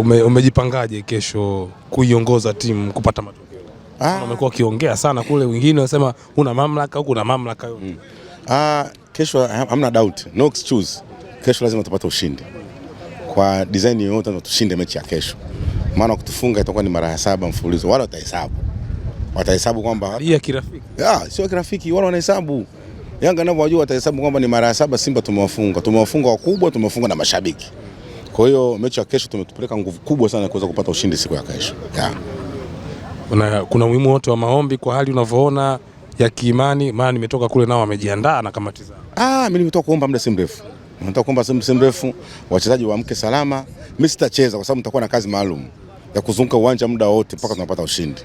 ume, umejipangaje kesho kuiongoza timu kupata matokeo? Ah, umekuwa ukiongea sana kule, wengine wanasema una mamlaka huku na mamlaka yote. Mm. Ah, kesho hamna doubt. No excuse. Kesho lazima tupate ushindi kwa design yoyote, tushinde mechi ya kesho, maana kutufunga itakuwa ni mara ya saba mfululizo. Wale watahesabu watahesabu kwamba hii ya kirafiki ah, sio kirafiki, wale wanahesabu Yanga nao wajua, watahesabu kwamba ni mara ya saba Simba tumewafunga, tumewafunga wakubwa, tumewafunga na mashabiki. Kwa hiyo mechi ya kesho tumetupeleka nguvu kubwa sana kuweza kupata ushindi siku ya kesho yeah. Una, kuna umuhimu wote wa maombi kwa hali unavyoona ya kiimani, maana nimetoka kule nao wamejiandaa na kamati zao. Ah, mimi nimetoka kuomba muda si mrefu Nimetoka kuomba si mrefu wachezaji waamke salama. Mimi sitacheza kwa sababu nitakuwa na kazi maalum ya kuzunguka uwanja muda wote mpaka tunapata ushindi.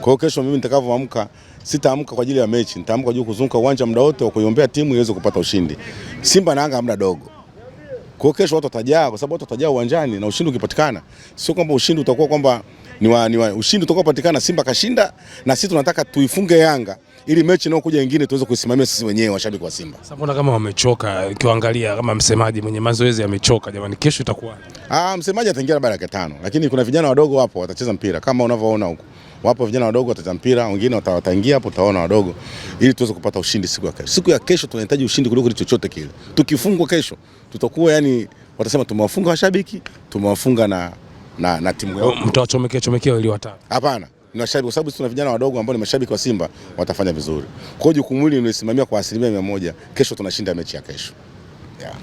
Kwa hiyo kesho mimi nitakavyoamka, sitaamka kwa ajili ya mechi, nitaamka juu kuzunguka uwanja muda wote wa kuiombea timu iweze kupata ushindi. Simba na Yanga muda dogo kwa kesho watu watajaa, kwa sababu watu watajaa uwanjani na ushindi ukipatikana, sio kwamba ushindi utakuwa kwamba ni wa, ni wa, ushindi patikana, Simba kashinda, na sisi tunataka tuifunge Yanga ili mechi inayokuja nyingine tuweze kuisimamia sisi wenyewe washabiki wa Simba. Sasa mbona kama wamechoka, ukiangalia kama msemaji mwenye mazoezi amechoka jamani, kesho itakuwa. Ah, msemaji ataingia ya tano, lakini kuna vijana wadogo hapo watacheza mpira kama unavyoona huko wapo vijana wadogo watacheza mpira, wengine wataingia hapo, utaona wadogo, ili tuweze kupata ushindi siku ya kesho. Siku ya kesho tunahitaji ushindi kuliko chochote kile. Tukifungwa kesho, tutakuwa yani, watasema tumewafunga washabiki, tumewafunga na na, na timu yao. Mtawachomekea chomekea ili wata. Hapana, ni washabiki, kwa sababu tuna vijana wadogo ambao ni mashabiki wa Simba, watafanya vizuri. Kwa hiyo jukumu hili nilisimamia kwa asilimia mia moja. Kesho tunashinda mechi ya kesho, yeah.